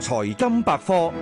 財金百科：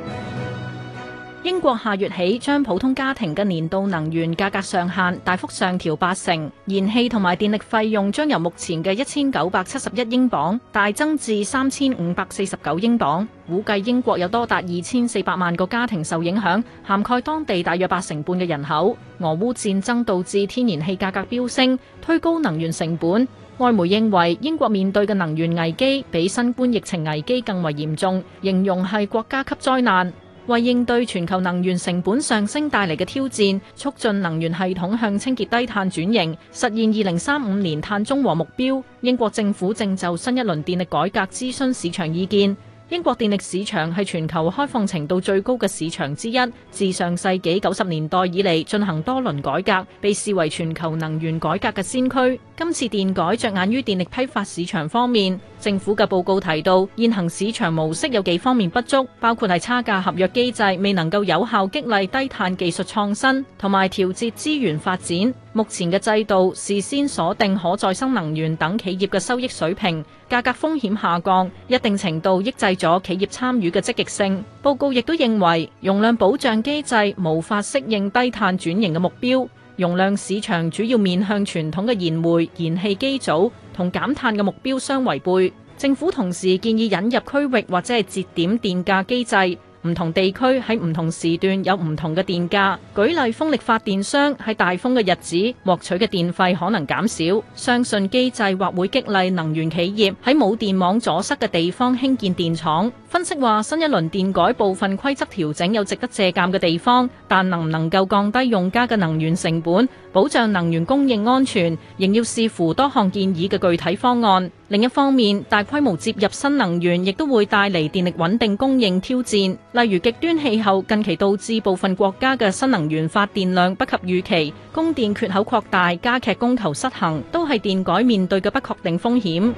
英國下月起將普通家庭嘅年度能源價格上限大幅上調八成，燃氣同埋電力費用將由目前嘅一千九百七十一英鎊大增至三千五百四十九英鎊，估計英國有多達二千四百萬個家庭受影響，涵蓋當地大約八成半嘅人口。俄烏戰爭導致天然氣價格飆升，推高能源成本。外媒認為，英國面對嘅能源危機比新冠疫情危機更為嚴重，形容係國家級災難。為應對全球能源成本上升帶嚟嘅挑戰，促進能源系統向清潔低碳轉型，實現二零三五年碳中和目標，英國政府正就新一輪電力改革諮詢市場意見。英國電力市場係全球開放程度最高嘅市場之一，自上世紀九十年代以嚟進行多輪改革，被視為全球能源改革嘅先驅。今次電改着眼於電力批發市場方面，政府嘅報告提到現行市場模式有幾方面不足，包括係差價合約機制未能夠有效激勵低碳技術創新，同埋調節資源發展。目前嘅制度事先鎖定可再生能源等企業嘅收益水平，價格風險下降，一定程度抑制咗企業參與嘅積極性。報告亦都認為容量保障機制無法適應低碳轉型嘅目標，容量市場主要面向傳統嘅燃煤、燃氣機組，同減碳嘅目標相違背。政府同時建議引入區域或者係節點電價機制。唔同地區喺唔同時段有唔同嘅電價。舉例，風力發電商喺大風嘅日子獲取嘅電費可能減少。相信機制或會激勵能源企業喺冇電網阻塞嘅地方興建電廠。分析話，新一輪電改部分規則調整有值得借鑑嘅地方，但能唔能夠降低用家嘅能源成本、保障能源供應安全，仍要視乎多項建議嘅具體方案。另一方面，大規模接入新能源亦都會帶嚟電力穩定供應挑戰，例如極端氣候近期導致部分國家嘅新能源發電量不及預期，供電缺口擴大，加劇供求失衡，都係電改面對嘅不確定風險。